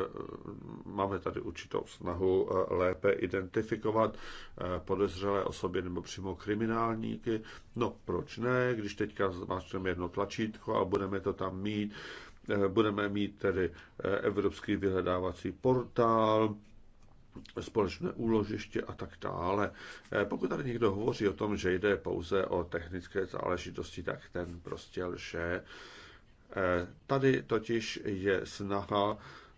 máme tady určitou snahu eh, lépe identifikovat eh, podezřelé osoby nebo přímo kriminálníky. No proč ne, když teďka zmáčneme jedno tlačítko a budeme to tam mít, budeme mít tedy evropský vyhledávací portál, společné úložiště a tak dále. Pokud tady někdo hovoří o tom, že jde pouze o technické záležitosti, tak ten prostě lže. Eh, tady totiž je snaha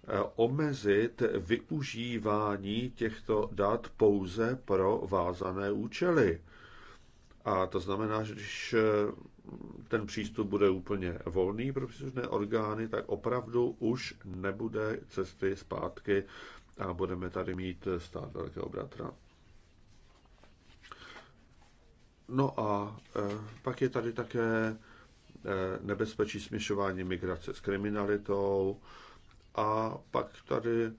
eh, omezit využívání těchto dat pouze pro vázané účely. A to znamená, že když eh, ten přístup bude úplně volný pro příslušné orgány, tak opravdu už nebude cesty zpátky a budeme tady mít stát velkého bratra. No a pak je tady také Eh, nebezpečí směšování migrace s kriminalitou a pak tady eh,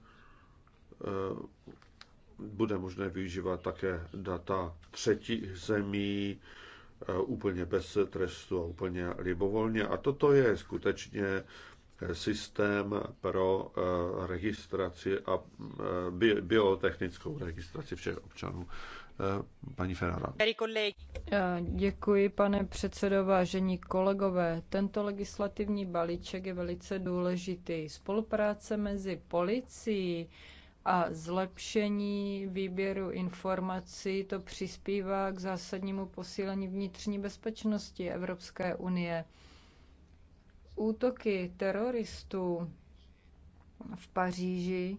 bude možné využívat také data třetích zemí eh, úplně bez trestu a úplně libovolně. A toto je skutečně systém pro registraci a biotechnickou registraci všech občanů. Eh, paní Ferrara. Děkuji, pane předsedo, vážení kolegové. Tento legislativní balíček je velice důležitý. Spolupráce mezi policií a zlepšení výběru informací to přispívá k zásadnímu posílení vnitřní bezpečnosti Evropské unie. Útoky teroristů v Paříži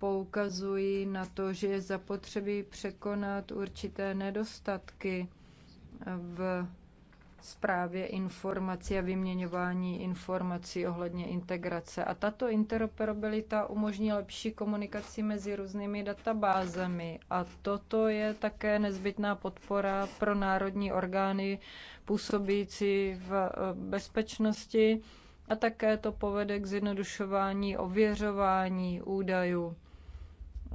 poukazují na to, že je zapotřebí překonat určité nedostatky v zprávě informací a vyměňování informací ohledně integrace. A tato interoperabilita umožní lepší komunikaci mezi různými databázemi. A toto je také nezbytná podpora pro národní orgány působící v eh, bezpečnosti a také to povede k zjednodušování ověřování údajů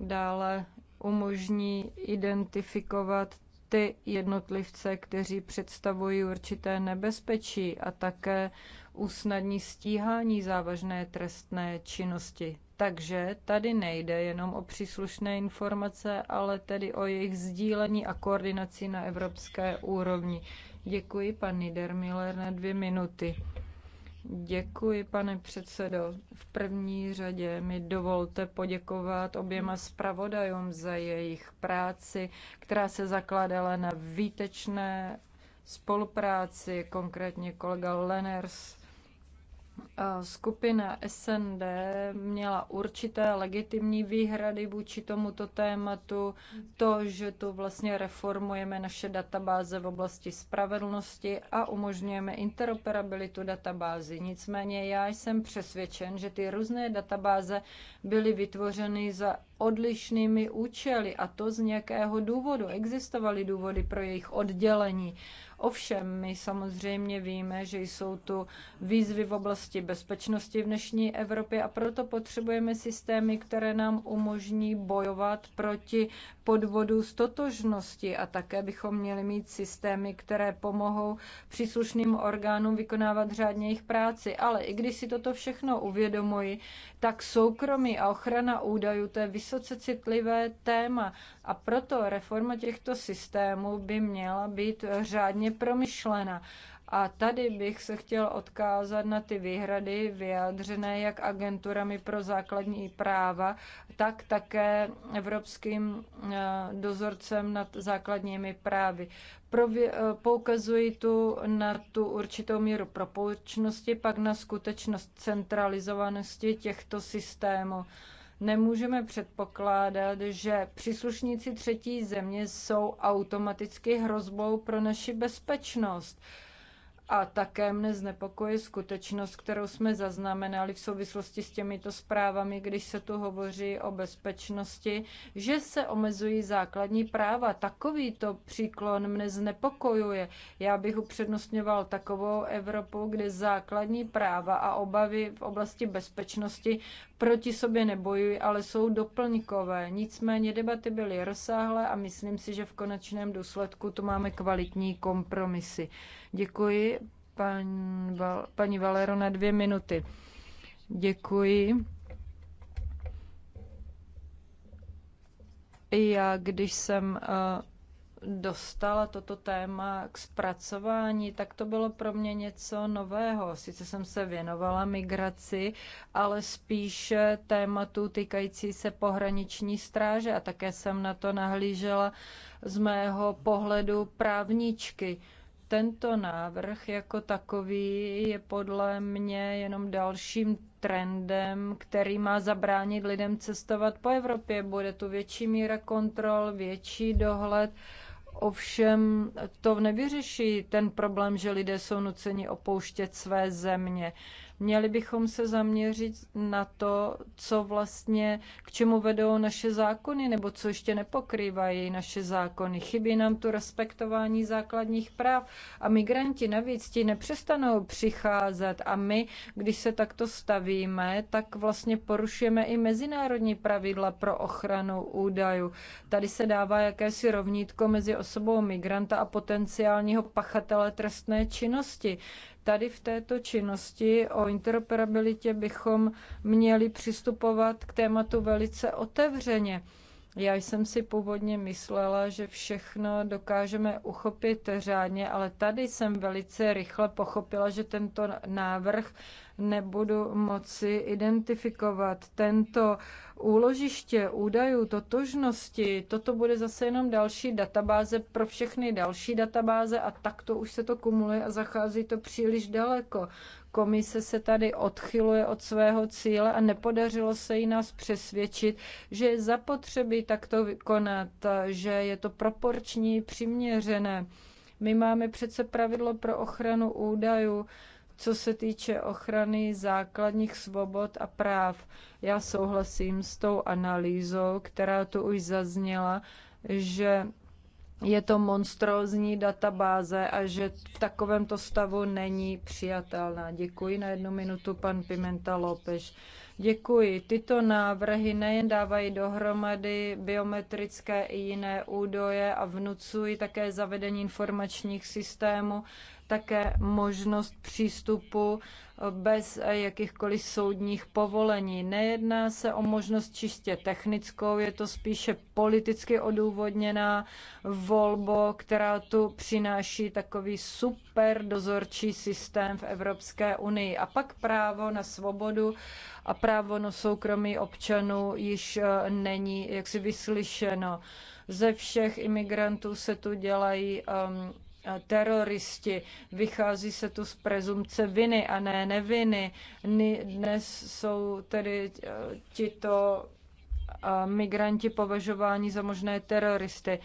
dále umožní identifikovat ty jednotlivce, kteří představují určité nebezpečí a také usnadní stíhání závažné trestné činnosti. Takže tady nejde jenom o příslušné informace, ale tedy o jejich sdílení a koordinaci na evropské úrovni. Děkuji, pan Niedermiller, na dvě minuty. Děkuji, pane předsedo. V první řadě mi dovolte poděkovat oběma zpravodajům za jejich práci, která se zakládala na výtečné spolupráci, konkrétně kolega Leners skupina SND měla určité legitimní výhrady vůči tomuto tématu, to, že tu vlastně reformujeme naše databáze v oblasti spravedlnosti a umožňujeme interoperabilitu databázy. Nicméně já jsem přesvědčen, že ty různé databáze byly vytvořeny za odlišnými účely a to z nějakého důvodu. Existovaly důvody pro jejich oddělení. Ovšem, my samozřejmě víme, že jsou tu výzvy v oblasti bezpečnosti v dnešní Evropě a proto potřebujeme systémy, které nám umožní bojovat proti podvodů z totožnosti a také bychom měli mít systémy, které pomohou příslušným orgánům vykonávat řádně jejich práci. Ale i když si toto všechno uvědomuji, tak soukromí a ochrana údajů to je vysoce citlivé téma a proto reforma těchto systémů by měla být řádně promyšlena. A tady bych se chtěl odkázat na ty výhrady vyjádřené jak agenturami pro základní práva, tak také evropským eh, dozorcem nad základními právy. Prově- eh, poukazují tu na tu určitou míru propoučnosti, pak na skutečnost centralizovanosti těchto systémů nemůžeme předpokládat, že příslušníci třetí země jsou automaticky hrozbou pro naši bezpečnost. A také mne znepokojuje skutečnost, kterou jsme zaznamenali v souvislosti s těmito zprávami, když se tu hovoří o bezpečnosti, že se omezují základní práva. Takovýto příklon mne znepokojuje. Já bych upřednostňoval takovou Evropu, kde základní práva a obavy v oblasti bezpečnosti proti sobě nebojují, ale jsou doplňkové. Nicméně debaty byly rozsáhlé a myslím si, že v konečném důsledku tu máme kvalitní kompromisy. Děkuji, pan, paní Valero, na dvě minuty. Děkuji. Já, když jsem eh, dostala toto téma k zpracování, tak to bylo pro mě něco nového. Sice jsem se věnovala migraci, ale spíše tématu týkající se pohraniční stráže a také jsem na to nahlížela z mého pohledu právničky. Tento návrh jako takový je podle mě jenom dalším trendem, který má zabránit lidem cestovat po Evropě. Bude tu větší míra kontrol, větší dohled. Ovšem to nevyřeší ten problém, že lidé jsou nuceni opouštět své země. Měli bychom se zaměřit na to, co vlastně, k čemu vedou naše zákony, nebo co ještě nepokrývají naše zákony. Chybí nám tu respektování základních práv a migranti navíc ti nepřestanou přicházet a my, když se takto stavíme, tak vlastně porušujeme i mezinárodní pravidla pro ochranu údajů. Tady se dává jakési rovnítko mezi osobou migranta a potenciálního pachatele trestné činnosti. Tady v této činnosti o interoperabilitě bychom měli přistupovat k tématu velice otevřeně. Já jsem si původně myslela, že všechno dokážeme uchopit řádně, ale tady jsem velice rychle pochopila, že tento návrh nebudu moci identifikovat. Tento úložiště údajů, totožnosti, toto bude zase jenom další databáze pro všechny další databáze a takto už se to kumuluje a zachází to příliš daleko. Komise se tady odchyluje od svého cíle a nepodařilo se jí nás přesvědčit, že je zapotřebí takto vykonat, že je to proporční, přiměřené. My máme přece pravidlo pro ochranu údajů, co se týče ochrany základních svobod a práv. Já souhlasím s tou analýzou, která tu už zazněla, že je to monstrózní databáze a že v takovémto stavu není přijatelná. Děkuji na jednu minutu, pan Pimenta López. Děkuji. Tyto návrhy nejen dávají dohromady biometrické i jiné údaje a vnucují také zavedení informačních systémů, také možnost přístupu bez jakýchkoliv soudních povolení. Nejedná se o možnost čistě technickou, je to spíše politicky odůvodněná volbo, která tu přináší takový super dozorčí systém v Evropské unii. A pak právo na svobodu a právo na soukromí občanů již eh, není jaksi vyslyšeno. Ze všech imigrantů se tu dělají um, teroristi. Vychází se tu z prezumce viny a ne neviny. Dnes jsou tedy e, tito e, migranti považováni za možné teroristy.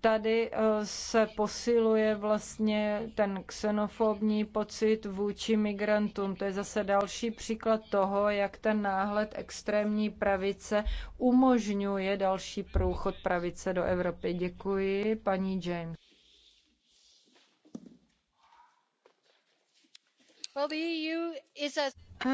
Tady e, se posiluje vlastně ten xenofobní pocit vůči migrantům. To je zase další příklad toho, jak ten náhled extrémní pravice umožňuje další průchod pravice do Evropy. Děkuji, paní James. E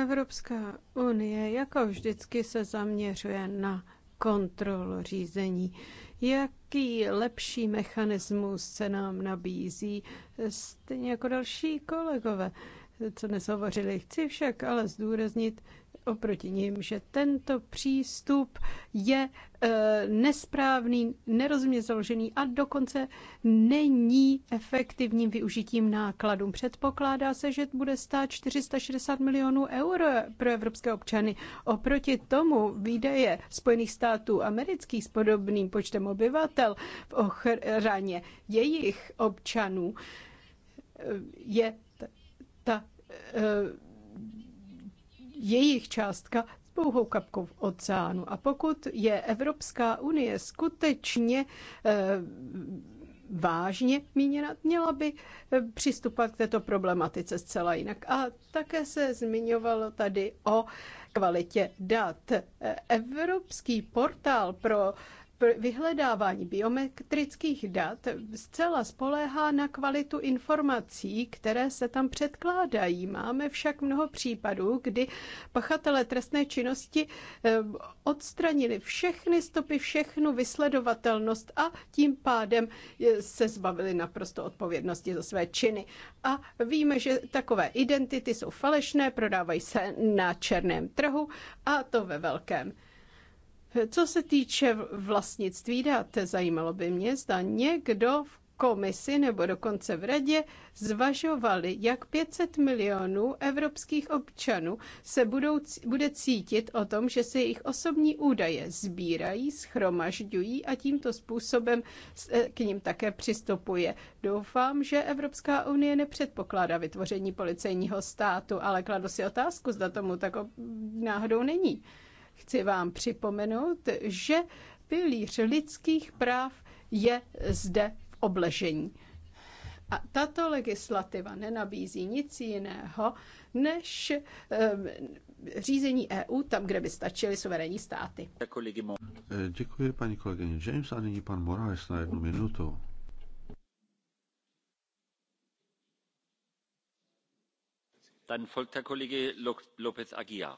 Evropská unie jako vždycky se zaměřuje na kontrolu řízení. Jaký lepší mechanismus se nám nabízí, stejně jako další kolegové, co dnes hovořili. Chci však ale zdůraznit, oproti ním, že tento přístup je e, nesprávný, nerozumně založený a dokonce není efektivním využitím nákladů. Předpokládá se, že bude stát 460 milionů euro pro evropské občany. Oproti tomu výdaje Spojených států amerických s podobným počtem obyvatel v ochraně jejich občanů e, je ta, ta e, jejich částka pouhou kapkou v oceánu. A pokud je Evropská unie skutečně eh, vážně míněna, měla by eh, přistupovat k této problematice zcela jinak. A také se zmiňovalo tady o kvalitě dat. Eh, Evropský portál pro vyhledávání biometrických dat zcela spoléhá na kvalitu informací, které se tam předkládají. Máme však mnoho případů, kdy pachatele trestné činnosti eh, odstranili všechny stopy, všechnu vysledovatelnost a tím pádem eh, se zbavili naprosto odpovědnosti za své činy. A víme, že takové identity jsou falešné, prodávají se na černém trhu a to ve velkém. Co se týče vlastnictví dat, zajímalo by mě, zda někdo v komisi nebo dokonce v radě zvažovali, jak 500 milionů evropských občanů se budou, bude cítit o tom, že se jejich osobní údaje sbírají, schromažďují a tímto způsobem e, k ním také přistupuje. Doufám, že Evropská unie nepředpokládá vytvoření policejního státu, ale kladu si otázku, zda tomu tak náhodou není. Chci vám připomenout, že pilíř lidských práv je zde v obležení. A tato legislativa nenabízí nic jiného než um, řízení EU tam, kde by stačily suverénní státy. Děkuji paní kolegyně James a nyní pan Morales na jednu minutu. Dann folgt der Kollege López Aguiar.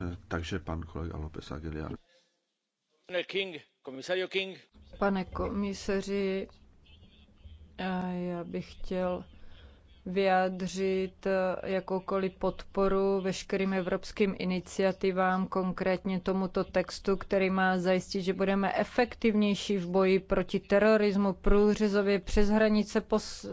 Eh, takže pan kolega López Aguilar. Pane komisaři, eh, já bych chtěl vyjádřit eh, jakoukoliv podporu veškerým evropským iniciativám, konkrétně tomuto textu, který má zajistit, že budeme efektivnější v boji proti terorismu, průřezově přes hranice pos,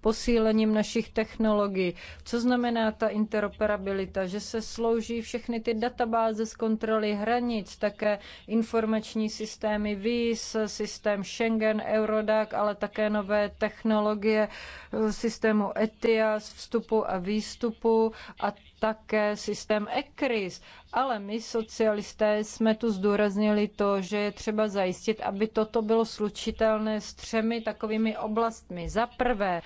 posílením našich technologií. Co znamená ta interoperabilita? Že se slouží všechny ty databáze z kontroly hranic, také informační systémy VIS, systém Schengen, Eurodac, ale také nové technologie eh, systému ET ETIAS, vstupu a výstupu a také systém ECRIS. Ale my socialisté jsme tu zdůraznili to, že je třeba zajistit, aby toto bylo slučitelné s třemi takovými oblastmi. Za prvé,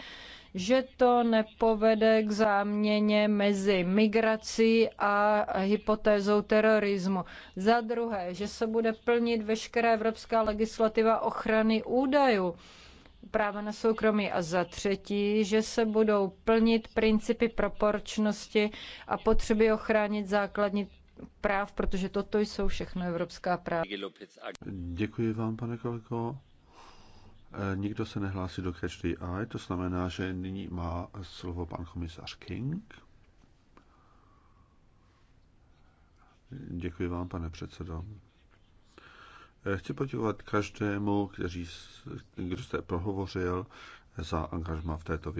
že to nepovede k záměně mezi migrací a hypotézou terorismu. Za druhé, že se bude plnit veškerá evropská legislativa ochrany údajů práva na soukromí a za třetí, že se budou plnit principy proporčnosti a potřeby ochránit základní práv, protože toto jsou všechno evropská práva. Děkuji vám, pane kolego. E, nikdo se nehlásí do Catch the Eye, to znamená, že nyní má slovo pan komisař King. Děkuji vám, pane předsedo. Eh, chci poděkovat každému, kteří, kdo jste prohovořil za angažma v této věci.